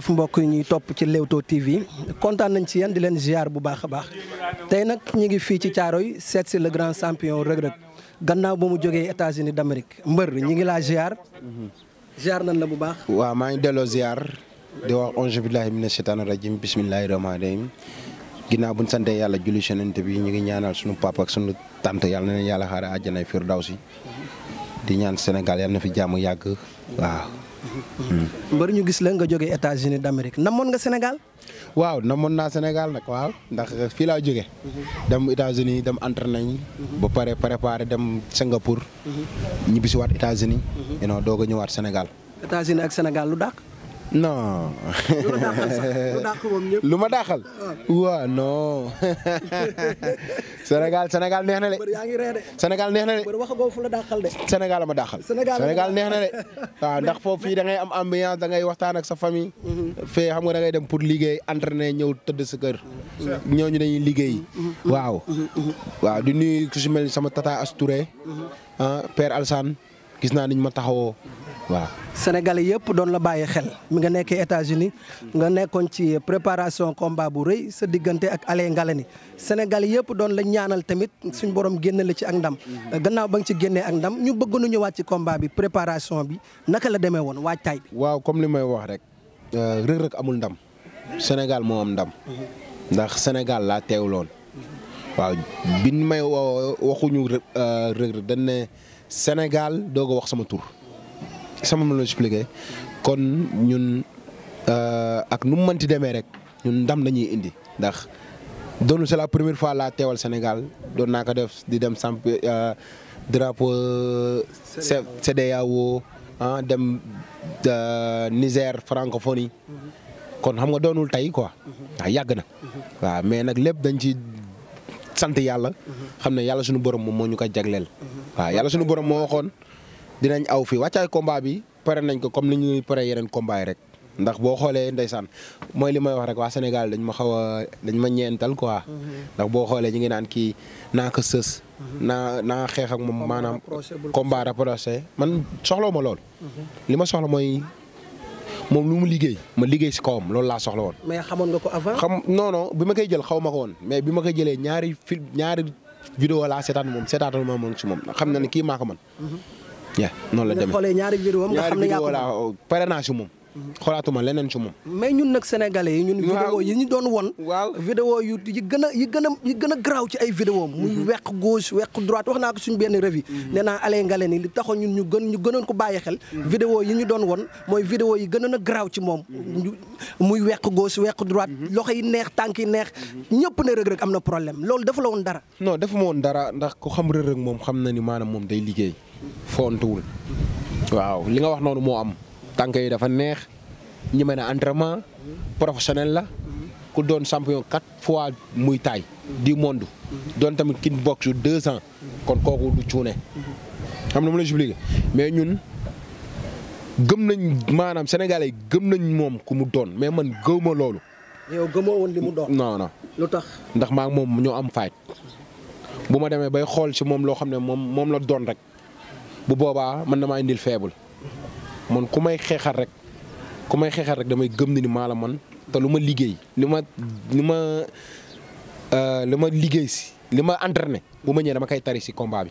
def mbokk yi ñuy topp ci Leewtoo TV kontaan nañ ci yéen di leen ziar bu baax a baax tey nag ñu ngi fii ci Caaroy seet si le grand champion Reug Reug gannaaw ba mu jógee États-Unis d'Amérique mbër ñi ngi laa ziar. ziar nañ la bu baax. waa maa ngi delloo ziar di wax auzu billaahi mina shaytaani rajiim bismillaahi rahmaani rahiim ginnaaw bu ñu sante yàlla julli Yonent bi ñu ngi ñaanal sunu papa ak sunu tante yàlla na leen yàlla xaare àjjana firdawsi di ñaan Sénégal yàlla na fi jàmm yàgg waaw. mbër ñu gis la nga jógee États-Unis d'Amérique namoon nga Sénégal. waaw namoon naa Sénégal nag waaw ndax fii laa jógee. dem États-Unis dem entre nañ ba pare préparé dem Singapour. Mhm. ñibbisiwaat États-Unis. Mhm. non doog a ñëwaat Sénégal. États-Unis ak Sénégal lu dàq. non. lu ma daaxal ah. waaw non. Sénégal Sénégal neex na de. Sénégal neex na de. Sénégal ma daaxal. senegal neex na de. waaw ndax foofu fii da ngay am ambiance da ngay waxtaan ak sa famille. Mhm. fee xam nga da ngay dem pour liggéey entraîner ñëw tëdd sa kër. ñu dañuy liggéey. Mhm. waaw. Mhm. waaw di nuyu ku si sama tata As Touré. ah gis naa niñ ma taxawoo waaw. Sénégalais yëpp doon la bàyyi xel mi nga nekkee États-Unis nga nekkoon ci préparation combat bu rëy sa diggante ak Allé Ngalani Sénégalais yëpp doon la ñaanal tamit suñ borom génne la ci ak ndam gannaaw ba nga ci génnee ak ndam ñu bëgg nu ñëwaat ci combat bi préparation bi naka la demee woon waajtaay waaw comme li may wax rek euh, Reug Reug amul ndam Sénégal moo am ndam ndax Sénégal laa teewloon waaw biñ may waxuñu euh, Reug Reug dañ Sénégal doo ko wax sama tur sama ma la expliqué kon ñun euh, ak nu mu mënti demee rek ñun ndam lañuy indi ndax doonu c'est la première fois la teewal Sénégal doon naa ko def di dem samp euh, drapeau CEDEAO ah dem euh, Niger francophonie mhm. kon xam nga doonul tey quoi. waaw mhm. yàgg na. Mhm. waaw mais nag lépp dañ ci sant yàlla. xam ne yàlla suñu borom moom moo ñu ko jagleel. waaw yàlla suñu borom moo waxoon dinañ aw fi wàccaay combat bi pare nañ ko comme ni ñuy pare yeneen combat rek. ndax boo xoolee ndeysaan mooy li may wax rek waa Sénégal dañ ma xaw a dañ ma ñeental quoi. ndax boo xoolee ñu ngi naan kii naa ka sës. naa naa xeex ak moom maanaam. combat rapproché man soxlaw ma lool. li ma soxla mooy moom lu mu liggéey ma liggéey si kawam loolu laa soxla woon. mais xamoon nga ko xam non bi ma koy jël xaw ma ko woon mais bi ma koy jëlee ñaari film ñaari vidéo laa seetaan moom seetaatal moom si moom xam na ne kii maa ko mën. Mhm. noonu la demee nga ñaari vidéo am nga xam naa si xolaatuma leneen si moom. mais ñun nag sénégalais yi ñun. vidéo yi ñu doon won waaw vidéo yu yi gën a yi gën a yi gën a garaaw ci ay vidéo muy mhm. weq gauche weq droite wax naa ko suñ benn revue. Mhm. nee naa Alé Ngalé ni li taxoon ñun ñu gën ñu gënoon ko bàyyi xel. Mhm. vidéo yi ñu doon won mooy vidéo yi gënoon a garaaw ci moom. muy weq gauche weq droite. loxo yi neex tànk yi neex. ñëpp ne Reug Reug am na problème loolu dafa la woon dara. non dafa ma woon dara ndax ko xam Reug Reug moom xam na ni maanaam moom day liggéey. fontuwul. waaw li nga wax noonu moo am tànk yi dafa neex ñi mën a entraînement professionnel la ku doon champion quatre fois muy taay di monde doon tamit kin box yu deux ans kon kooku du cuune xam na mu la expliqué mais ñun gëm nañ maanaam sénégalais yi gëm nañ moom ku mu doon mais man gëwma loolu yow gëmoo li mu doon non lu tax ndax maa ngi moom ñoo am faay bu ma demee bay xool si moom loo xam ne moom moom la doon rek bu boobaa man damaa indil faible man ku may xeexal rek ku may xeexal rek damay gëm ni maa la man te lu ma liggéey li ma li ma euh, li ma liggéey si li ma entraîné bu ma ñëwee dama kay tari si combat bi.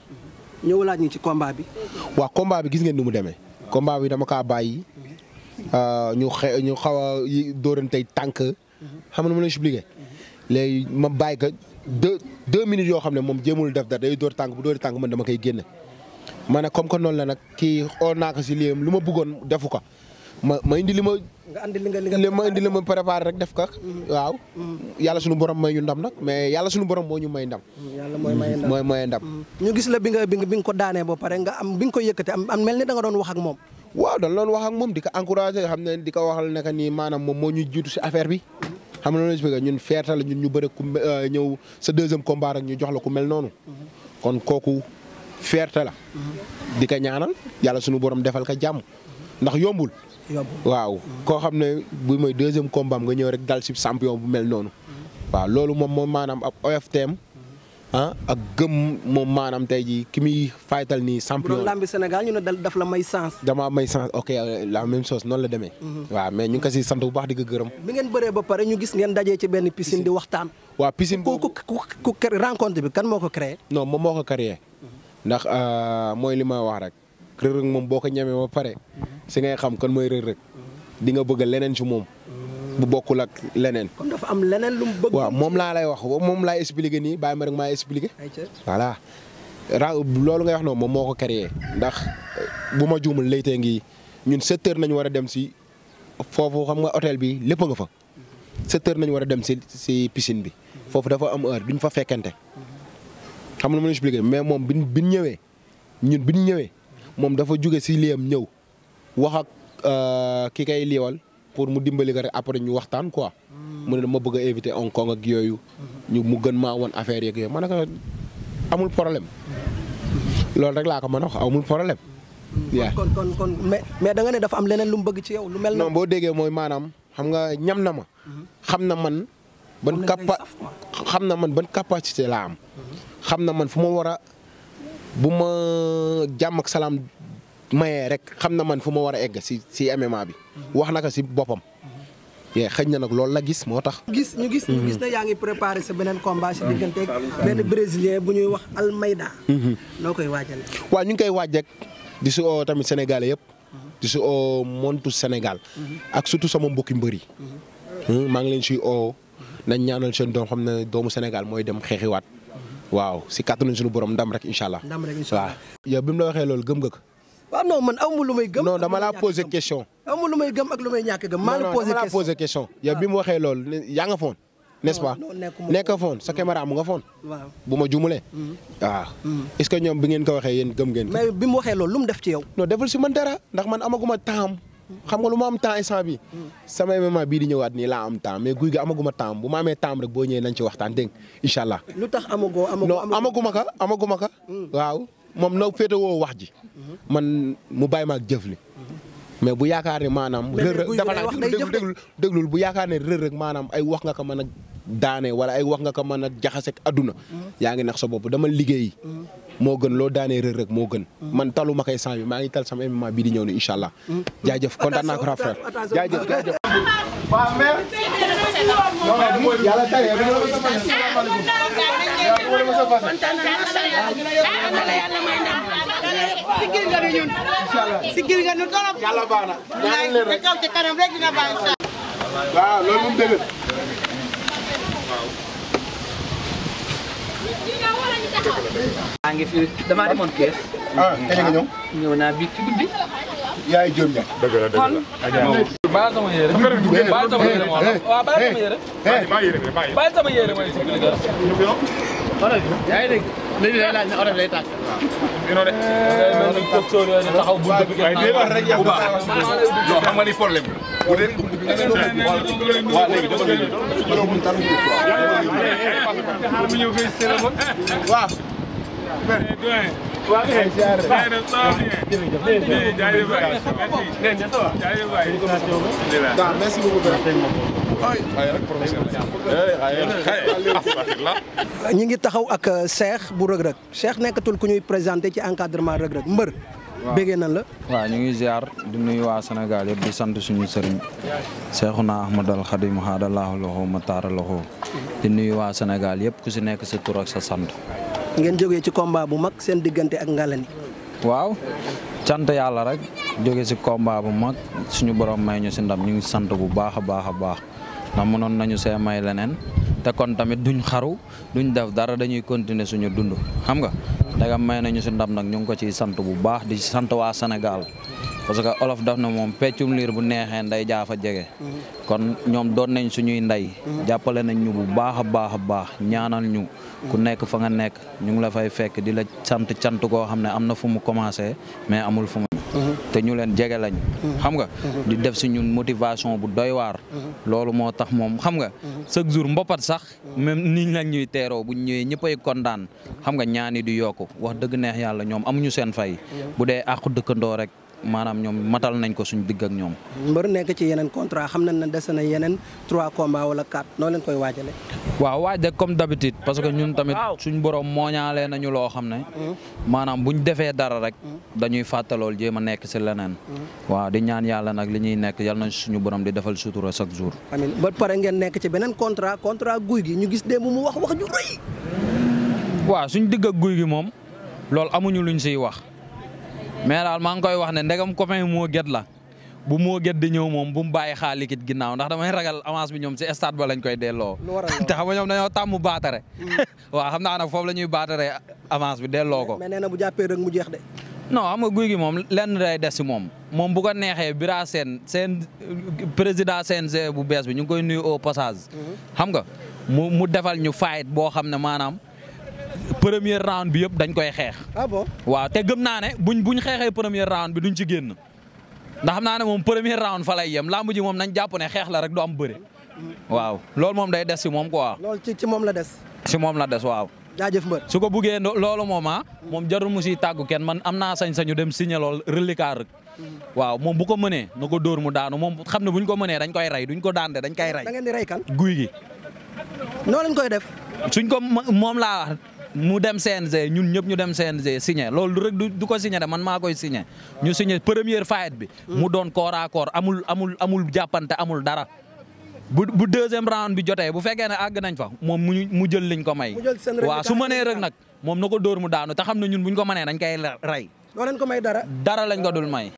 ñëwalaat ñu ci combat bi. waaw combat bi gis ngeen ni mu demee. combat bi dama kaa bàyyi euh, ñu xe ñu xaw a dóorantey tànk. xam nga nu ma lay expliqué. léegi ma bàyyi ko deux deux yoo xam ne moom jéemul def dara day dóor tànk bu dóori tànk man dama koy génne. ma comme que noonu la nag ki oo naa ko si liyam lu ma bëggoon defu ko ma ma indi li ma. nga andi li nga li ma indi li ma rek def ka mm-hmm. waaw mm-hmm. yàlla suñu borom may ñu ndam nag mais yàlla suñu borom moo ñu may ndam. Mm-hmm. yàlla mooy may mooy may ndam. ñu gis la bi nga bi nga ko daanee ba pare nga am bi nga ko yëkkate am mel ni da doon wax ak moom. waaw dañ doon wax ak moom di ko encouragé xam ne di waxal ne que nii maanaam moom moo ñu jiitu si affaire bi. xam nga loolu ñun fierté la ñun ñu bëri ku euh, ñëw sa deuxième combat rek ñu jox la ku mel noonu. kon kooku fierté la. di ko ñaanal yàlla sunu borom defal ko jàmm ndax yombul. waaw koo xam ne bu mooy deuxième combat nga ñëw rek dal si champion bu mel noonu. waaw loolu moom moom maanaam ab OFTM. ah ak gëm moom maanaam tey jii ki muy faytal nii champion. bu doon lambi Sénégal ñu ne daf la may sance damaa may chance ok la même chose noonu la demee. waaw mais ñu ngi ko sant bu baax di ko gërëm. mi ngeen bëree ba pare ñu gis ngeen dajee ci benn piscine di waxtaan. waaw piscine boobu ku bi kan moo ko créé. non moom moo ndax euh, mooy li ma wax rek Reug Reug moom boo ko ñamee ba pare si ngay xam kan mooy Reug Reug di nga bëgg leneen si moom bu bokkul ak leneen. kon dafa am leneen lu mu moom laa lay wax moom laay expliqué nii bàyyi ma rek maa expliqué. voilà raa loolu nga wax noonu moom moo ko créé ndax bu ma jumul laytee ngi ñun sept nañu war a dem si foofu xam nga hôtel bi lépp nga fa sept heures nañu war a dem si si piscine bi foofu dafa am heure duñ fa fekkente. xam na ma expliqué mais moom bi bi ñu ñëwee ñun bi ñu ñëwee moom dafa jóge si liyam ñëw waxa ak euh, ki kay liiwal pour mu dimbali ko rek après ñu waxtaan quoi. Hmm. mu ne dama bëgg a éviter Hong Kong ak yooyu. Hmm. ñu mu gën maa woon affaire yeeg yooyu ma ne ko amul problème. Hmm. loolu rek laa ko mën a wax amul problème. waaw kon kon kon mais da nga ne dafa am leneen lu mu bëgg ci yow lu mel. non boo déggee mooy maanaam xam nga ñam na ma. xam na man. ban capa xam na man ban capacité laa am. xam na man fu ma war a bu ma jàmm ak salaam mayee rek xam na man fu ma war a egg si si MMA bi. Mhm. wax na ko boppam. Mhm. ye xëj na nag loolu la gis moo tax. gis ñu gis ñu mhm. yaa ngi préparé sa beneen combat. si diggante benn brésilien bu ñuy wax Almeida. noo koy waajal. waaw ñu ngi koy waaj rek di si oo tamit sénégal yëpp. di si oo montu Sénégal. ak surtout sama mbokki mbër yi. Hmm, maa ngi leen siy oo. nañ ñaanal seen doom xam ne doomu Sénégal mooy dem xeexiwaat waaw si kàttanu suñu borom ndam rek incha allah. ndam rek incha allah waaw. bi mu la waxee loolu gëm nga ma lu ma lu may gëm ak maa la posé question non bi mu waxee loolu yaa nga foon. n'est-ce foon sa caméra mu nga foon. bu ma juumalee. waaw est ñoom bi ngeen ko waxee yéen gëm ngeen ko. mais bi mu waxee loolu lu mu def ci yow. non deful si man dara ndax man amaguma temps xam nga lu ma am temps instant bi sama moment bii di ñëwaat ni laa am temps mais guy gi amaguma temps bu ma amee temps rek boo ñëwee nañ ci waxtaan dégg incha allah. lu tax amagoo amagoo non amaguma ka amaguma ka. Mm. waaw moom na féetewoo wax ji. Mm-hmm. man mu bàyyi maak ak jëf li mm-hmm. mais bu yaakaar ne maanaam. rër rek dafa laa déglu bu yaakaar ne rër rek maanaam ay wax nga ko mën a daane wala ay wax nga ko mën a jaxaseeg adduna. yaa ngi nax sa bopp dama liggéey. moo gën loo daane rëg rek moo gën. man talu ma koy sang bi maa ngi tal sama MMA di ñëw ni incha allah. jaajëf kontaan naa ko grand frère jaajëf jaajëf. waaw mère. yàlla tawee ba léegi maa ngi fi damaa demoon kees. ah kañ nga ñëw. ñëw naa biig ci guddi. yaay jëm ña. dëgg la dëgg la. baal sama yére. baal sama yére moo tax waaw baal sama yére. baal sama yére mooy si biir dara. oto bi yaa ngi dégg. léegi day laaj ne oto bi day tàkk. waaw. day mel ni taxaw bu baax. xam nga ni problème bi. bu dee ngi taxaw ak Cheikh bu rëg-rëg Cheikh nekkatul ku ñuy présenté ci encadrement rëg-rëg mbër bëggee nan la. waaw ñu ngi ziar di nuyu waa senegal yëpp di sant suñu sëriñ Seexuna Ahmadal Xadim haadalaahu loxo mataara loxo di nuyu waa Sénégal yëpp ku si nekk sa tur ak sa sant. ngeen jógee ci combat bu mag seen diggante ak Ngalani. waaw sant yàlla rek jóge si combat bu mag suñu borom may ñu si ndam ñu ngi sant bu baax a baax a baax ndax mënoon nañu see may leneen te kon tamit duñ xaru duñ def dara dañuy continuer suñu dund xam nga. ndegam may nañu si ndam nag ñu ngi ko ciy sant bu baax di sant waa Sénégal parce que olof daf na moom peccum liir bu neexee nday a jege. kon ñoom doon nañ suñuy nday jàppale nañ ñu bu baax a baax a baax ñaanal ñu. ku nekk fa nga nekk ñu ngi la fay fekk di la sant cant koo xam ne am na fu mu commencé mais amul fu te ñu leen jege lañ xam nga di def si ñun motivation bu doy waar loolu moo tax moom xam nga chaque jour mbopat sax même niñ lañ ñuy teeroo buñ ñëwee ñëppay kontaan xam nga ñaani di yokku wax dëgg neex yàlla ñoom amuñu seen fay bu dee àqu dëkkandoo rek maanaam ñoom matal nañ ko suñ digg ak ñoom. mbër nekk ci yeneen contrat xam nañ ne dese na yeneen trois combats wala quatre noo leen koy waajale waaw waaj rek comme d'habitude parce que ñun tamit suñ borom mooñaalee nañu loo xam ne. Hmm. maanaam buñ defee dara rek. Hmm. dañuy fàttalool jéem a nekk si leneen. Hmm. waaw di ñaan yàlla nag li ñuy nekk yal nañ suñu borom di defal sutura chaque jour. amiin ba pare ngeen nekk ci beneen contrat contrat guy gi ñu gis démb mu wax wax ju suñ digg ak guy gi moom loolu amuñu luñ siy wax. mais daal maa ngi koy wax ne ndegam copain moo gét la bu moo gét di ñëw moom bu mu bàyyi xaalikit ginnaaw ndax damay ragal avance bi ñoom si stade ba lañ koy delloo. te xam nga ñoom dañoo tàmm baatare. Mm. waaw xam naa nag foofu la ñuy baatare avance bi delloo ko. mais nee na bu jàppee rek mu jeex de. non xam guy gi moom lenn day des si moom moom bu ko neexee bira seen seen président CNG bu bees bi ñu ngi koy nuyu au passage. Mm-hmm. xam nga mu mu defal ñu faayit boo xam ne maanaam. premier round bi yëpp dañ koy xeex. ah waaw te gëm naa ne buñ buñ xeexee premier round bi duñ ci génn ndax xam naa ne moom premier round fa lay yem làmb ji moom nañ jàpp ne xeex la rek du am bëre. waaw lool moom day des si moom ko loolu ci ci moom la des. si moom la des waaw. jaajëf mbër su ko buggee loolu moom ah. moom jarul mu siy tàggu kenn man am naa sañ-sañu dem signé lool reliquat rek. waaw moom bu ko mënee na ko door mu daanu moom xam ne buñ ko mënee dañ koy rey duñ ko daan koy rey. di rey kan guy gi. noo lañ koy def. suñ ko moom laa mu dem CNG ñun ñëpp ñu dem CNG signé loolu rek du ko signé de man maa koy signé ñu signé première fight bi. mu doon corps à amul amul amul jàppante amul dara. bu bu deuxième round bi jotee bu fekkee ne àgg nañ fa moom mu mu jël liñ ko may. waaw su mënee rek nag moom na ko dóor mu daanu te xam na ñun buñ ko mënee dañ koy rey. doo ko may dara. dara lañ ko dul may.